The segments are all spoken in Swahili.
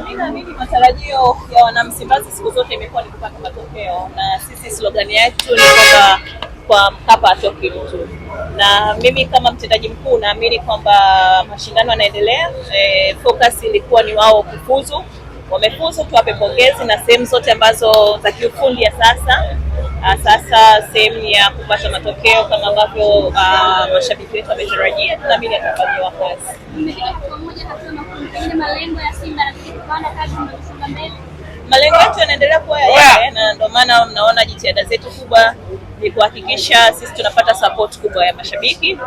Amina, nini matarajio ya wanamsimbazi siku zote imekuwa ni kupata matokeo, na sisi slogani yetu ni kwamba kwa Mkapa atoki mtu, na mimi kama mtendaji mkuu naamini kwamba mashindano yanaendelea. E, focus ilikuwa ni wao kufuzu, wamefuzu, tuwape pongezi na sehemu zote ambazo za kiufundi ya sasa Ah, sasa sehemu ya kupata matokeo kama ambavyo ah, mashabiki wetu wametarajia, tunaamini atafanyiwa kazi. Malengo yetu yanaendelea kuwa yale, oh, na ndio maana mnaona jitihada zetu kubwa ni kuhakikisha sisi tunapata support kubwa ya mashabiki,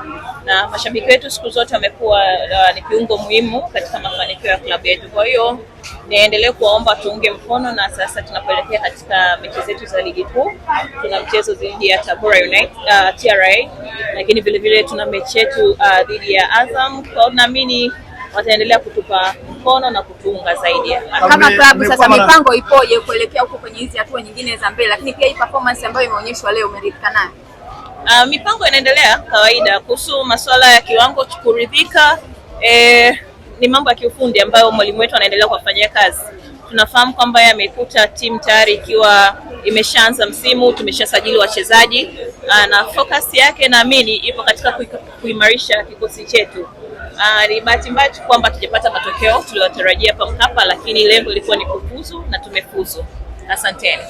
na mashabiki wetu siku zote wamekuwa uh, ni kiungo muhimu katika mafanikio ya klabu yetu. Kwa hiyo niendelee kuwaomba tuunge mkono, na sasa tunapoelekea katika mechi zetu za ligi kuu, tuna mchezo dhidi ya Tabora United, uh, TRA, lakini vilevile tuna mechi yetu uh, dhidi ya Azam. Kwa naamini wataendelea kutupa mkono na kutuunga zaidi. Kama klabu sasa, mipango ipoje kuelekea huko kwenye hizi hatua nyingine za mbele, lakini pia hii performance ambayo imeonyeshwa leo umeridhika nayo? Uh, mipango inaendelea kawaida. Kuhusu masuala ya kiwango kuridhika, eh, ni mambo ya kiufundi ambayo mwalimu wetu anaendelea kuwafanyia kazi. Tunafahamu kwamba yeye amekuta timu tayari ikiwa imeshaanza msimu, tumeshasajili wachezaji ah, na focus yake naamini ipo katika kuimarisha kikosi chetu. Uh, ni bahati mbaya kwamba tujapata matokeo tuliyotarajia hapa Mkapa, lakini lengo ilikuwa ni kufuzu na tumefuzu. Asanteni.